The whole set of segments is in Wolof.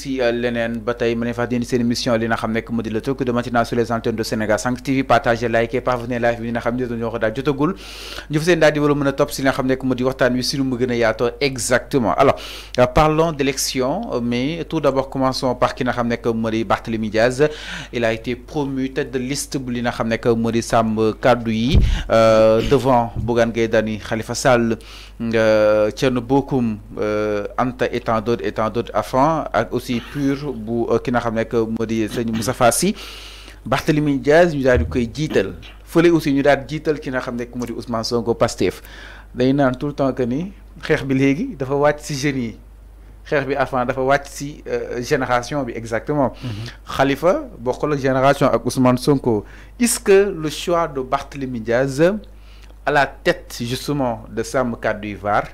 si euh, leneen ba tey mën faa dindi seen émission li nga xam le truc de matinale sur les antennes de Sénégal 5 TV partagez likez parvenez live bi nga xam ne dañoo ko daal jotagul ñu fa seen daal di war a mën a topp si li nga xam nekk mu wi si lu mu gën a yaatoo exactement alors euh, parlons d'élection mais tout d'abord commençons par ki nga xam nekk Barthélémy Diaz il a été promu tête de liste bu li nga xam nekk mu di sàmm euh, devant Bougane Gueye Dany Khalifa Sall Thierno Bocoum Anta et tant d'autres et tant d'autres afin aussi pur bu euh, ki nga xam nekk moo di moussa Moustapha Sy Barthélemy Diaz ñu daal di koy jiital aussi ñu daal jiital ki nga xam nekk moo Ousmane Sonko Pastef day naan tout le temps que ni xex bi léegi dafa wacc si génie yi xeex bi avant dafa wacc si euh, génération bi exactement. Mm-hmm. Khalifa bokkol génération ak Ousmane Sonko est-ce que le choix de barthélémy Diaz à la tête justement de sam Kàddu du VAR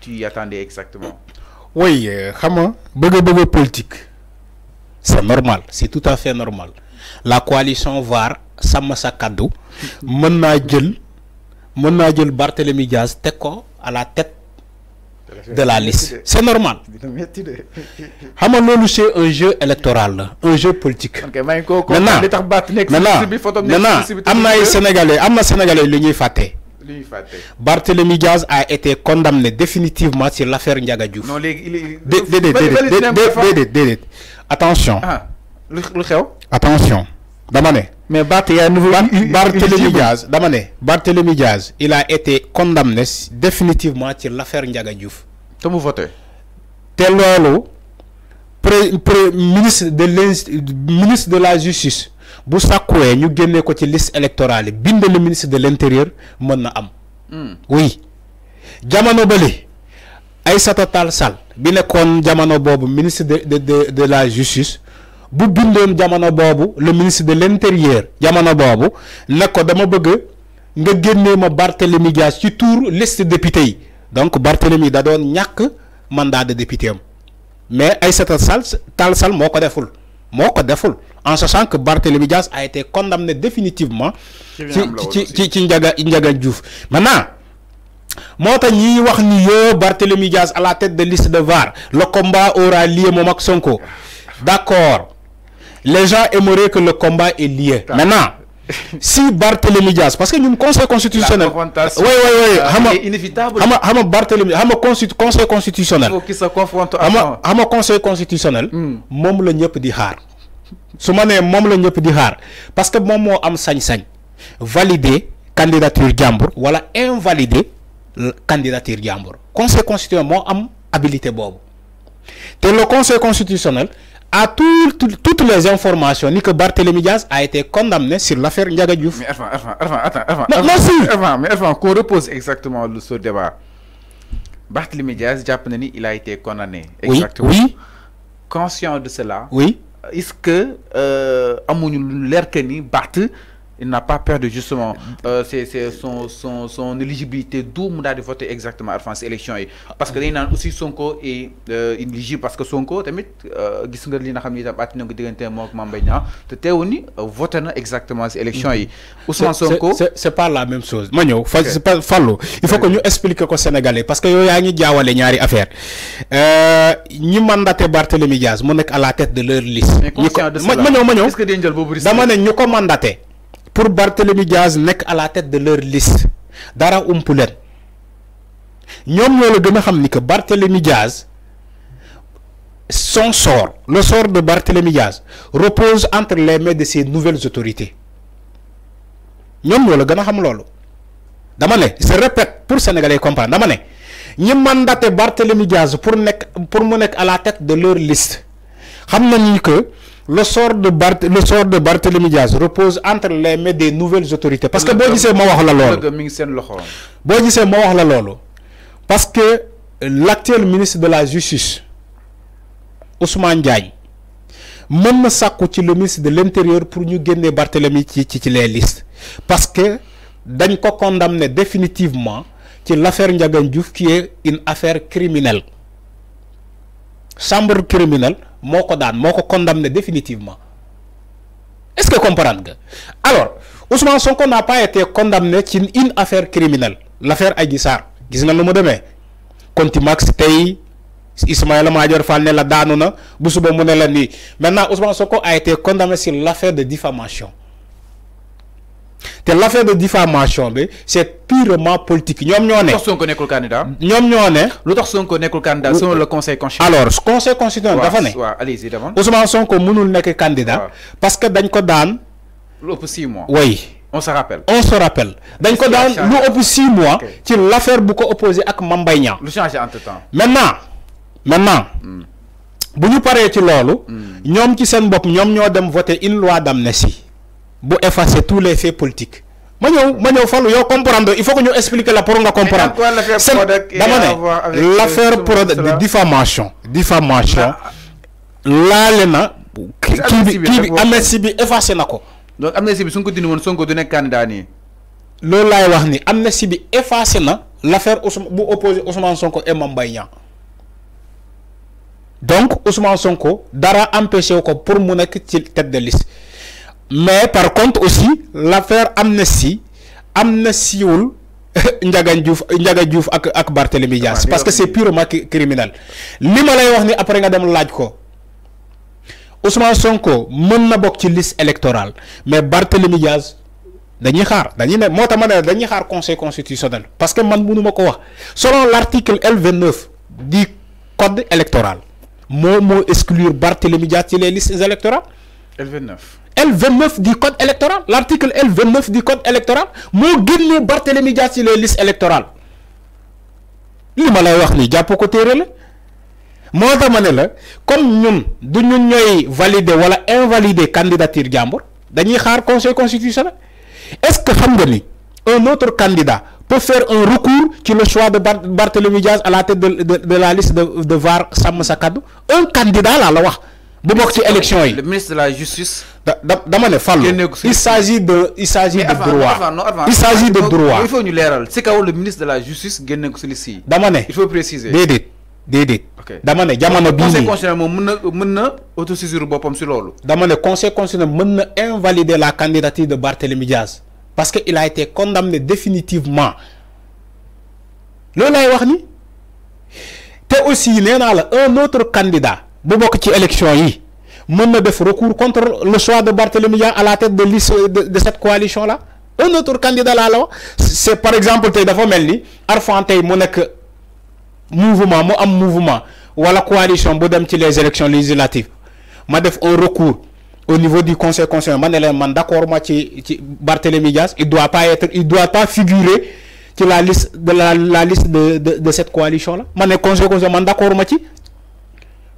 tu y attendais exactement oui euh, xam nga bëgg politique c'est normal c'est tout à fait normal la coalition VAR sàmm sa kàddu mën naa jël mën jël Barthélemy Diaz teg à la tête de la liste c'est normal xam nga c'est un jeu électoral un jeu politique maintenant maintenant am na ay sénégalais am sénégalais li ñuy fàtte. Barthélémy Diaz a été condamné définitivement sur l'affaire Ndiaga Diouf. Non, déedéet déedéet attention. Ah, xew. attention Damane. mais Barth nouveau. Diaz Damane. ne. Diaz il a été condamné définitivement sur l'affaire Ndiaga Diouf. te mu voté. Tel loolu. ministre de ministre de la justice. bu sàkkuwee ñu génnee ko ci list électorale yi bind le ministre de l' mën na am. Hmm. oui jamono ay sata Tall Sall bi nekkoon jamono boobu ministre de de de la justice bu bindoon jamono boobu le ministre de l' intérieur jamono boobu ne ko dama bëgg nga génnee ma Barthélemy Dias ci tour liste député yi donc Barthélemy da doon ñàkk mandat de député am mais ay Aïssata sal Tall Sall moo ko deful moo ko deful. en sachant que Barthélémy Diaz a été condamné définitivement ci Ndiaga maintenant si tax wax ni Barthélémy Diaz à la tête de liste de VAR le combat aura lieu mon d'accord les gens aimeraient que le combat est lié maintenant si Barthélémy Diaz parce que ñun conseil constitutionnel oui oui oui xama xama xama Barthélémy xama conseil constitutionnel xama conseil constitutionnel Mom hmm. la ñëpp di constitutionnel ce ma nee la ñëpp di xaar parce que mom moo am sañ-sañ valider candidature jambour wala invalider candidature jambour conseil constitutionnel moo am habilité bob te le conseil constitutionnel a tout toutes les informations ni que Barthélémy Diaz a été condamné sur l'affaire Ndiaga Diouf. mais Erfan Erfan attends Erfan. non si mais Erfan qu'on repose exactement le ce débat Barthélémy Diaz il a été condamné. exactement oui oui conscient de cela. oui. est-ce que euh, amuñu lu leer que ni Barth il n'a pas peur de justement euh, c'est son, son, son éligibilité d'où mu de di voter exactement en France élection parce que il a aussi Sonko est euh, éligible parce que Sonko tamit euh, gis nga li nga xamni da itam àtti na ko diggante moom ak Mame Mbaye Niang te teewul ni euh, voté na exactement élection yi mm-hmm. Ousmane Sonko c'est pas la même chose ma ñëw fa c'est pas fallo il faut que ñu expliquer ko Sénégalais parce que yo yaa ngi jaawale ñaari affaire ñi mandaté Barthélémy Diaz mu nek à la tête de leur liste ma ñëw ma ñëw dama ne ñu mandaté pour Barthélemy Diaz nek à la tête de leur liste dara ou poulet ñoom ñoo la xam ni que Barthélemy Diaz son sort le sort de barthélémy Diaz repose entre les mains de ces nouvelles autorités ñom ñoo gëna a xam lolu dama né je répète pour sénégalais comprendre dama né ñi mandaté barthélémy Diaz pour nek pour mu nek à la tête de leur liste xam nañu que le sort de Barthélémy Barthélemy Diaz repose entre les mains des nouvelles autorités. parce que la parce que l'actuel ministre de la justice Ousmane Diagne même na le ministre de l'intérieur pour ñu gagner Barthélemy ci ci les parce que dañ ko condamner définitivement l'affaire Ndiaga Diouf qui est une affaire criminelle chambre criminelle moko dan, moko condamné définitivement est-ce que comprendre alors Ousmane Sonko n'a pas été condamné sur une affaire criminelle l'affaire Aïdissar Kizina gis nga Konti Max demee contumace tey Ismaïla Fall la Danuna, bu maintenant Ousmane Sonko a été condamné sur l'affaire de diffamation te l'affaire de diffamation bi c'est purement politique ñoom ñoo ne. lu tax Sonko nekkul candidat. ñoom ñoo ne. lu tax Sonko nekkul candidat selon le conseil constitutionnel. alors ce conseil constitutionnel dafa ne. allez-y demoon Ousmane Sonko mënul nekk candidat. parce que dañ ko daan. lu ëpp six mois. oui on se rappelle. on se rappelle dañ ko daan lu ëpp six mois. ci l'affaire bu ko opposé ak Mame Mbaye Niang. lu changé entre temps. maintenant maintenant. Hmm. bu ñu paree ci loolu. Hmm. ñoom ci seen bopp ñoom ñoo dem voter une loi d'amnistie pour effacer tous les faits politiques faut que comprendre il faut que expliquer la pour nga comprendre l'affaire pour euh, de diffamation diffamation de qui qui de donc de diffamation, l'affaire de Sonko du de diffamation, l'affaire wax ni l'affaire de opposé de Sonko et donc diffamation, Sonko dara empêcher ko pour mu tête de liste mais par contre aussi l'affaire Amnesty, Amnesty ou Diouf Ndiaga Diouf ak ak Barthélémy parce que c'est purement criminel li lay wax ni après nga dem laaj ko Ousmane Sonko meun na bok ci liste électorale mais Barthélémy Dias dañuy xaar dañuy ne dañuy xaar conseil constitutionnel parce que man mënuma ko wax selon l'article L29 du code électoral mon moo exclure Barthélémy Dias ci les listes électorales L29 L29 du code électoral l'article L29 du code électoral nous guenné Barthélémy Dias ci les listes électorales li ma lay wax ni japp ko la moo tax la comme ñun du ñun valider wala invalider candidature dañuy xaar conseil constitutionnel est-ce que xam nga un autre candidat peut faire un recours qui le choix de Barthélémy jazz à la tête de de la liste de de Var Sam un candidat à la loi? bu bokk élection le ministre de la justice. da da dama ne il s'agit de il s'agit de droit il s'agit de droit. il faut nous leeral C'est quand le ministre de la justice génne ko celui-ci dama ne il faut préciser Dédé. Dédé. dama ne jamono bii conseil constitutionnel moom mën na mën na sur boppam si loolu. dama ne conseil constitutionnel mën invalider la candidature de Barthélémy Diaz parce que il a été condamné définitivement Le lay wax ni te aussi nee naa un autre candidat bu bokk ci élection yi mën def recours contre le choix de Barthélémy à la tête de liste de, cette coalition là un autre candidat à la c'est par exemple tay dafa melni ni Arfan tay mu nekk mouvement mu am mouvement wala coalition bu dem ci les élections législatives ma def un recours au niveau du conseil constitutionnel ma ne man d'accord ma ci Barthélémy Dias il doit pas être il doit pas figurer ci la liste de la la liste de de cette coalition là ma conseil constitutionnel man d'accord ma ci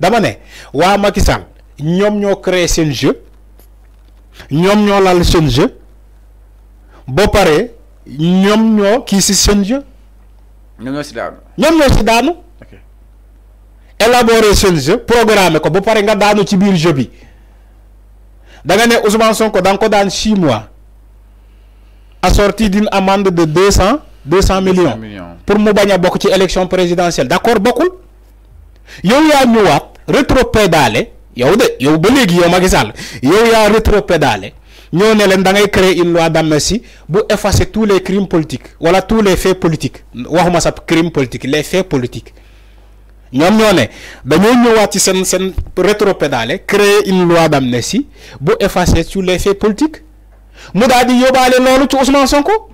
dama ne wa Macky Sall ñoo créé seen jeu ñom ñoo lal ce jeu bo paré ñom ñoo ki si ce jeu. ñom ñoo avons daanu. ce ñoo élaborer ce jeu programmer ko bo paré nga daanu ci biir jeu mois d'une amende de 200 200 millions pour mu baña ce élection présidentielle d'accord beaucoup yow yaa ñëwaat rétropédalé yow de yow ba léegi yow Macky Sall yow yaa rétropédalé ñoo ne leen da ngay créer une loi d'amnistie bu effacer tous les crimes politiques wala tous les faits politiques waxuma sax crime politique les faits politiques ñoom ñoo ne dañoo ñëwaat ci seen seen rétropédalé créer une loi d'amnistie bu effacer tous les faits politiques mu daal di yóbbaale loolu ci Ousmane Sonko.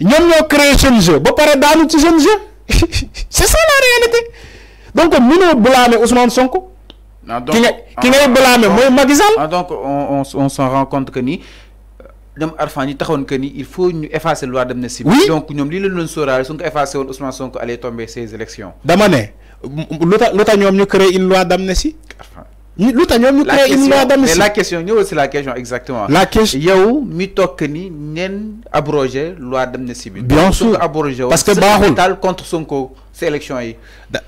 ñoo créé jeu ba ci jeu c'est ça la réalité donc mënoo blâmé Ousmane Sonko. donc ki ngay Sall. Ah, donc on s'en rend compte que ni dem Arfan que ni il faut ñu effacer loi d'amnésie. donc ñom li la ñu effacé Ousmane Sonko allait tomber ses élections. dama né créé une loi d'amnésie lu tax ñoom ñu créé une loi d'amnistie mais la question c'est la question exactement. la question yow mi tok ni ñeen abrogé loi d'amnistie bi. bien sûr abrogé parce que baaxul contre Sonko si élection yi.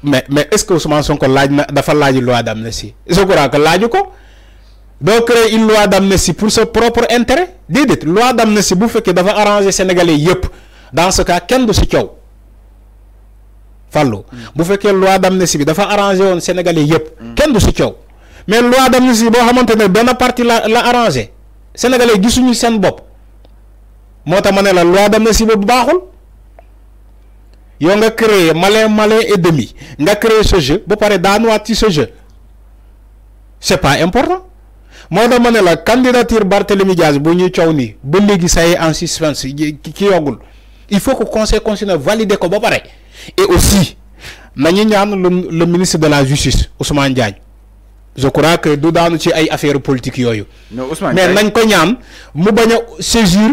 mais mais est ce que Ousmane Sonko laaj na dafa laaj loi d'amnistie je crois que laaju ko do créer une loi d'amnistie pour son propre intérêt déedéet loi d'amnistie bu fekkee dafa arrangé sénégalais yépp dans ce cas kenn du ci coow fallu hmm. bu fekkee loi d'amnistie bi dafa arrangé woon sénégalais yépp hmm. kenn du ci coow mais loi d'amnistie boo xamante ne benn parti la la arrangé sénégalais gisuñu seen bopp moo tax ma ne la loi d'amnistie bi bu y yow nga créé malin malin et demi nga créé ce jeu ba pare daanuwaat ci ce jeu c'est pas important moi t'as la candidature Barthélémy Diaz bu ñuy coow nii ba léegi qui est en suspense ki yogul il faut que conseil constitutionnel valide ko ba pare et aussi nañu ñaan le ministre de la justice Ousmane Diagne. je crois que du daanu ci ay affaire politique yooyu mais nañ ko ñaan mu bañ a séjour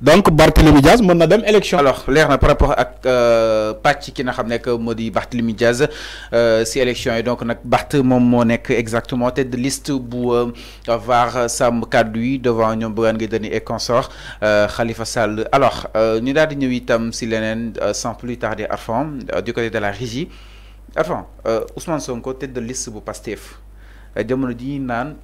donc Barthélemy Diaz mon na dem élection. alors l'air na par rapport à euh, pàcc ki n'a xam nekk moo di Diaz euh, si élection donc nag Barth moom moo exactement tête de liste pour euh, avoir Sam Kadoui devant ñoom Bougane Gueye et consort Khalifa Sal. alors nous allons di ñëw si leneen sans plus tarder fond du côté de la régie Arfan Ousmane Sonko tête de liste pour Pastef jamono ji n'an